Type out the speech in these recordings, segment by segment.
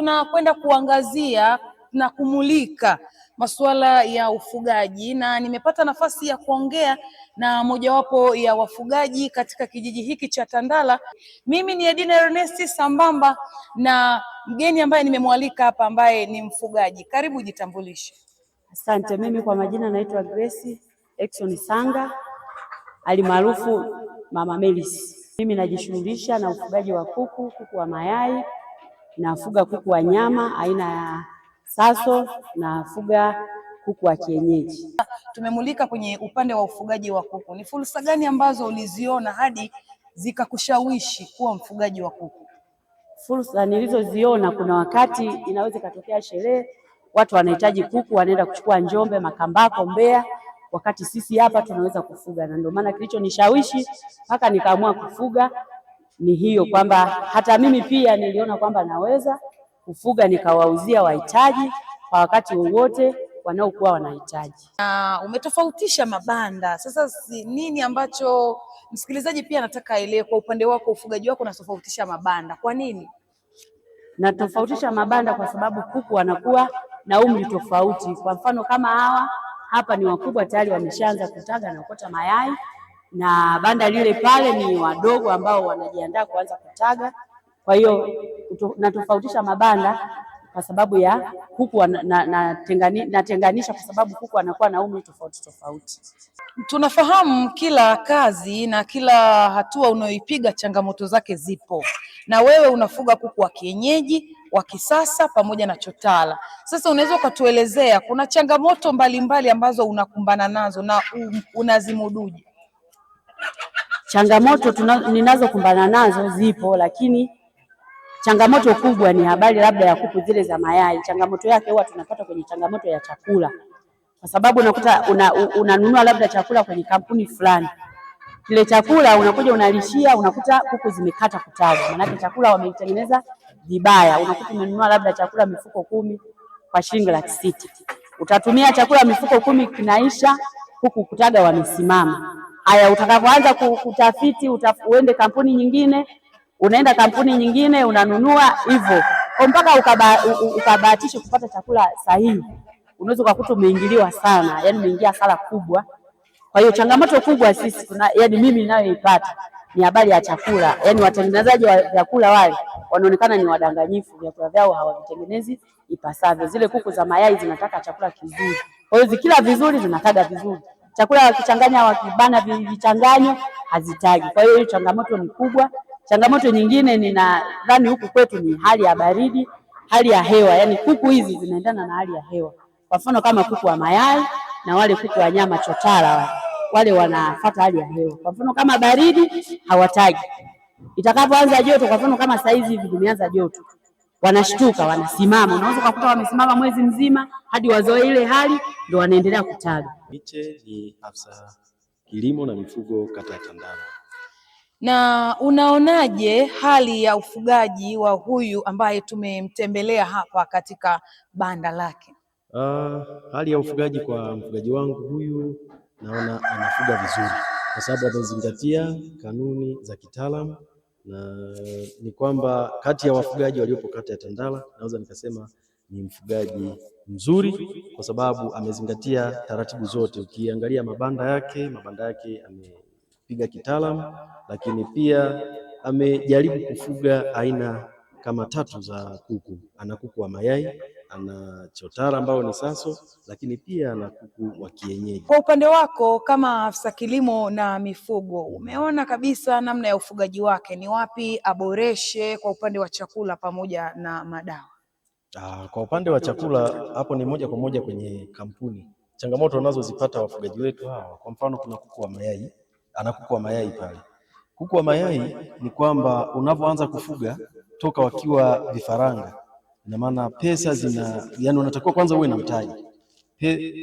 tunakwenda kuangazia na kumulika masuala ya ufugaji na nimepata nafasi ya kuongea na mojawapo ya wafugaji katika kijiji hiki cha Tandala. Mimi ni Edina Ernest sambamba na mgeni ambaye nimemwalika hapa ambaye ni mfugaji. Karibu, jitambulishe. Asante. Mimi kwa majina naitwa Grace Exon Sanga alimaarufu Mama Melis. Mimi najishughulisha na ufugaji wa kuku, kuku wa mayai nafuga kuku wa nyama aina ya Saso, nafuga kuku wa kienyeji. Tumemulika kwenye upande wa ufugaji wa kuku, ni fursa gani ambazo uliziona hadi zikakushawishi kuwa mfugaji wa kuku? Fursa nilizoziona, kuna wakati inaweza ikatokea sherehe, watu wanahitaji kuku, wanaenda kuchukua Njombe, Makambako, Mbeya, wakati sisi hapa tunaweza kufuga, na ndio maana kilichonishawishi mpaka nikaamua kufuga ni hiyo kwamba hata mimi pia niliona kwamba naweza kufuga nikawauzia wahitaji kwa wakati wowote wanaokuwa wanahitaji. Na umetofautisha mabanda sasa, si nini ambacho msikilizaji pia anataka aelewe kwa upande wako, ufugaji wako unatofautisha mabanda kwa nini? Natofautisha mabanda kwa sababu kuku wanakuwa na umri tofauti. Kwa mfano kama hawa hapa ni wakubwa tayari, wameshaanza kutaga na kuota mayai na banda lile pale ni wadogo ambao wanajiandaa kuanza kutaga. Kwa hiyo natofautisha mabanda kwa sababu ya kuku natenganisha kwa sababu kuku anakuwa na umri tofauti tofauti. Tunafahamu kila kazi na kila hatua unayoipiga changamoto zake zipo, na wewe unafuga kuku wa kienyeji wa kisasa pamoja na chotala. Sasa unaweza ukatuelezea kuna changamoto mbalimbali mbali ambazo unakumbana nazo na unazimuduje? Changamoto ninazokumbana nazo zipo, lakini changamoto kubwa ni habari labda ya kuku zile za mayai. Changamoto yake huwa tunapata kwenye changamoto ya chakula, kwa sababu unakuta unanunua una labda chakula kwenye kampuni fulani, kile chakula unakuja unalishia, unakuta kuku zimekata kutaga, maanake chakula wameitengeneza vibaya. Unakuta umenunua labda chakula mifuko kumi kwa shilingi laki sita, utatumia chakula mifuko kumi, kinaisha, kuku kutaga wamesimama. Haya, utakapoanza kutafiti utaf, uende kampuni nyingine, unaenda kampuni nyingine unanunua hivyo mpaka ukabahatishe kupata chakula sahihi. Unaweza ukakuta umeingiliwa sana, yani umeingia hasara kubwa. Kwa hiyo changamoto kubwa sisi tuna, yani mimi ninayoipata ni habari ya chakula, yani watengenezaji wa vyakula wale wanaonekana ni wadanganyifu, vyakula vyao hawavitengenezi ipasavyo. Zile kuku za mayai zinataka chakula kizuri, kwa hiyo zikila vizuri zinataga vizuri chakula wakichanganya, wakibana vichanganyo hazitagi. Kwa hiyo hiyo changamoto ni kubwa. Changamoto nyingine ninadhani huku kwetu ni hali ya baridi, hali ya hewa, yaani kuku hizi zinaendana na hali ya hewa. Kwa mfano kama kuku wa mayai na wale kuku wa nyama chotara wale, wale wanafuata hali ya hewa. Kwa mfano kama baridi hawatagi, itakapoanza joto, kwa mfano kama saizi hivi joto wanashtuka, wanasimama. Unaweza ukakuta wamesimama mwezi mzima hadi wazoe ile hali, ndio wanaendelea kutaga. Miche ni afisa kilimo na mifugo kata ya Tandama. Na unaonaje hali ya ufugaji wa huyu ambaye tumemtembelea hapa katika banda lake? Uh, hali ya ufugaji kwa mfugaji wangu huyu naona anafuga vizuri, kwa sababu amezingatia kanuni za kitaalamu na ni kwamba kati ya wafugaji waliopo kata ya Tandala naweza nikasema ni mfugaji mzuri, kwa sababu amezingatia taratibu zote. Ukiangalia mabanda yake, mabanda yake amepiga kitaalamu, lakini pia amejaribu kufuga aina kama tatu za kuku. Ana kuku wa mayai, ana chotara ambao ni saso, lakini pia ana kuku wa kienyeji. Kwa upande wako kama afisa kilimo na mifugo, umeona kabisa namna ya ufugaji wake, ni wapi aboreshe kwa upande wa chakula pamoja na madawa? Ah, kwa upande wa chakula hapo ni moja kwa moja kwenye kampuni. Changamoto wanazozipata wafugaji wetu hawa, kwa mfano kuna kuku wa mayai, ana kuku wa mayai pale. Kuku wa mayai ni kwamba unavyoanza kufuga toka wakiwa vifaranga Ina maana pesa zina, yani unatakiwa kwanza uwe na mtaji.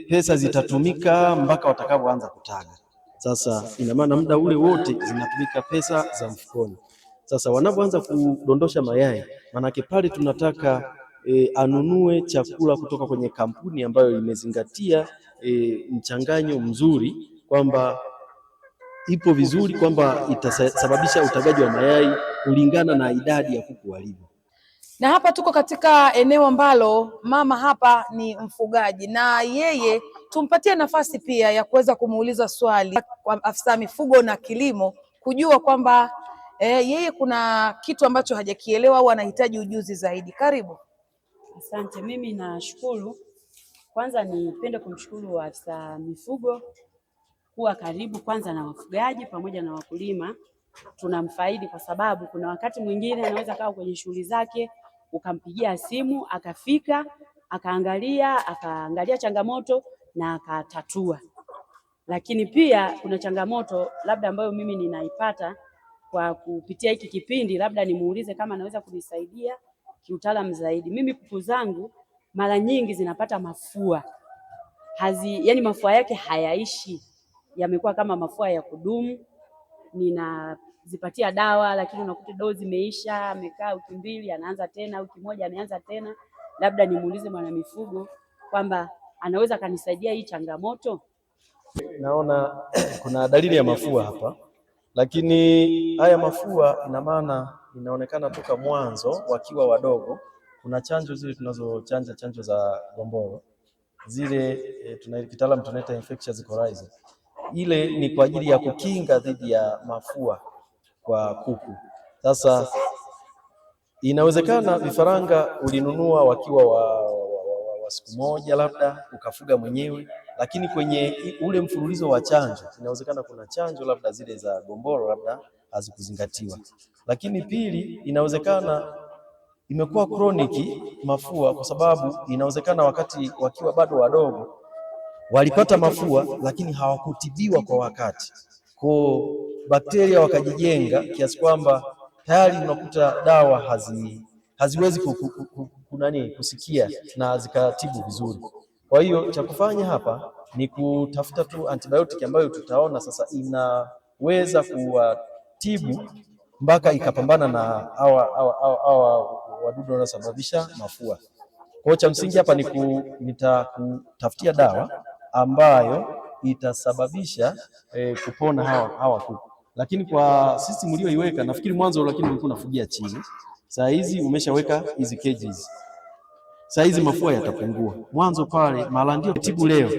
Pesa zitatumika mpaka watakapoanza kutaga. Sasa ina maana muda ule wote zinatumika pesa za mfukoni. Sasa wanapoanza kudondosha mayai, maanake pale tunataka e, anunue chakula kutoka kwenye kampuni ambayo imezingatia e, mchanganyo mzuri kwamba ipo vizuri kwamba itasababisha utagaji wa mayai kulingana na idadi ya kuku walivyo. Na hapa tuko katika eneo ambalo mama hapa ni mfugaji, na yeye tumpatie nafasi pia ya kuweza kumuuliza swali kwa afisa mifugo na kilimo kujua kwamba eh, yeye kuna kitu ambacho hajakielewa au anahitaji ujuzi zaidi. Karibu. Asante. Mimi nashukuru, kwanza nipende kumshukuru afisa mifugo kuwa karibu kwanza na wafugaji pamoja na wakulima tunamfaidi kwa sababu kuna wakati mwingine anaweza kawa kwenye shughuli zake ukampigia simu akafika, akaangalia akaangalia changamoto na akatatua. Lakini pia kuna changamoto labda ambayo mimi ninaipata kwa kupitia hiki kipindi, labda nimuulize kama anaweza kunisaidia kiutaalamu zaidi. Mimi kuku zangu mara nyingi zinapata mafua hazi, yani mafua yake hayaishi, yamekuwa kama mafua ya kudumu nina kuzipatia dawa, lakini unakuta dozi imeisha, amekaa wiki mbili, anaanza tena, wiki moja ameanza tena. Labda nimuulize mwana mifugo kwamba anaweza akanisaidia hii changamoto. Naona kuna dalili ya mafua hapa, lakini haya mafua, ina maana inaonekana toka mwanzo wakiwa wadogo. Kuna chanjo zile tunazochanja, chanjo za gomboro zile, e, tuna kitaalamu tunaita infectious coryza. Ile ni kwa ajili ya kukinga dhidi ya mafua kwa kuku. Sasa inawezekana vifaranga ulinunua wakiwa wa, wa, wa, wa, wa siku moja labda ukafuga mwenyewe, lakini kwenye ule mfululizo wa chanjo inawezekana kuna chanjo labda zile za gomboro labda hazikuzingatiwa. Lakini pili, inawezekana imekuwa kroniki mafua, kwa sababu inawezekana wakati wakiwa bado wadogo walipata mafua, lakini hawakutibiwa kwa wakati koo bakteria wakajijenga kiasi kwamba tayari unakuta dawa hazi, haziwezi kunani kusikia na zikatibu vizuri. Kwa hiyo cha kufanya hapa ni kutafuta tu antibiotic ambayo tutaona sasa inaweza kuwatibu mpaka ikapambana na hawa wadudu wanaosababisha mafua. Kwa cha msingi hapa nitakutafutia dawa ambayo itasababisha eh, kupona hawa hawa kuku lakini kwa sisi mlioiweka, nafikiri mwanzo, lakini ulikuwa unafugia chini. Saa hizi umeshaweka hizi cages, saa hizi mafua yatapungua. Mwanzo pale mara ndio tibu leo,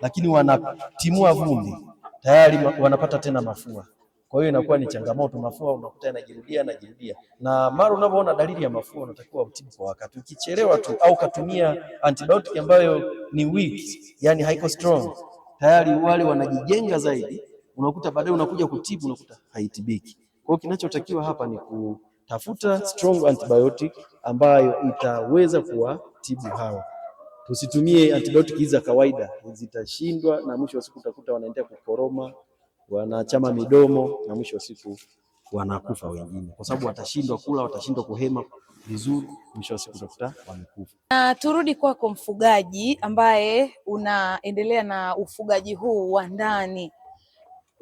lakini wanatimua vumbi tayari wanapata tena mafua. Kwa hiyo inakuwa ni changamoto, mafua unakuta yanajirudia jirudia, na mara unapoona dalili ya mafua unatakiwa utibu kwa wakati. Ukichelewa tu au katumia antibiotic ambayo ni weak, yani haiko strong, tayari wale wanajijenga zaidi unakuta baadaye unakuja kutibu unakuta haitibiki. Kwa hiyo kinachotakiwa hapa ni kutafuta strong antibiotic ambayo itaweza kuwatibu hawa. Tusitumie antibiotic hizi za kawaida, zitashindwa na mwisho wa siku utakuta wanaendelea kukoroma, wanachama midomo na mwisho wa siku wanakufa wengine, kwa sababu watashindwa kula, watashindwa kuhema vizuri, mwisho wa siku utakuta wamekufa. Na turudi kwako mfugaji, ambaye unaendelea na ufugaji huu wa ndani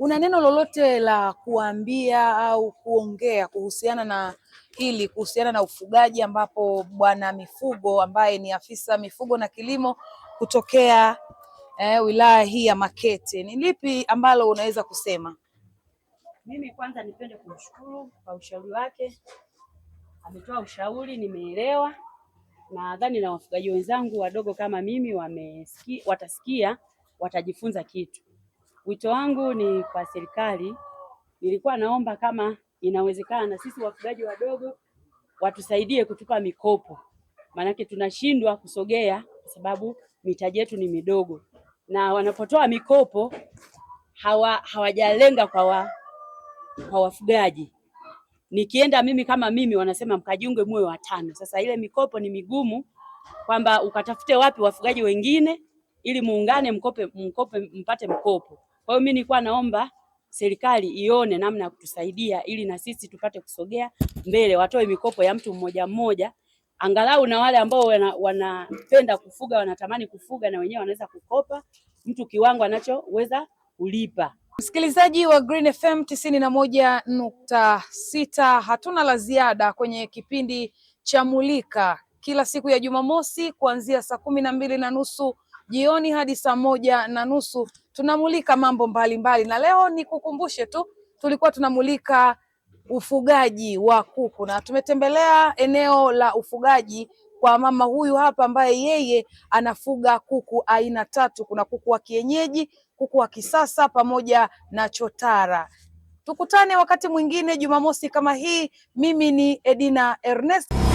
Una neno lolote la kuambia au kuongea kuhusiana na hili, kuhusiana na ufugaji, ambapo bwana mifugo ambaye ni afisa mifugo na kilimo kutokea eh, wilaya hii ya Makete, ni lipi ambalo unaweza kusema? Mimi kwanza nipende kumshukuru kwa ushauri wake, ametoa ushauri, nimeelewa. Nadhani na wafugaji wenzangu wadogo kama mimi wamesikia, watasikia, watajifunza kitu Wito wangu ni kwa serikali, nilikuwa naomba kama inawezekana na sisi wafugaji wadogo watusaidie kutupa mikopo, maanake tunashindwa kusogea kwa sababu mitaji yetu ni midogo, na wanapotoa mikopo hawa hawajalenga kwa, wa, kwa wafugaji. Nikienda mimi kama mimi, wanasema mkajiunge muwe watano. Sasa ile mikopo ni migumu kwamba ukatafute wapi wafugaji wengine ili muungane mkope, mkope mpate mkopo. Kwa hiyo mimi nilikuwa naomba serikali ione namna ya kutusaidia ili na sisi tupate kusogea mbele, watoe mikopo ya mtu mmoja mmoja, angalau na wale ambao wanapenda wana kufuga wanatamani kufuga na wenyewe wanaweza kukopa mtu kiwango anachoweza kulipa. Msikilizaji wa Green FM tisini na moja nukta sita, hatuna la ziada kwenye kipindi cha Mulika kila siku ya Jumamosi kuanzia saa kumi na mbili na nusu jioni hadi saa moja na nusu tunamulika mambo mbalimbali mbali. Na leo nikukumbushe tu tulikuwa tunamulika ufugaji wa kuku na tumetembelea eneo la ufugaji kwa mama huyu hapa ambaye yeye anafuga kuku aina tatu. Kuna kuku wa kienyeji, kuku wa kisasa pamoja na chotara. Tukutane wakati mwingine Jumamosi kama hii. Mimi ni Edina Ernest.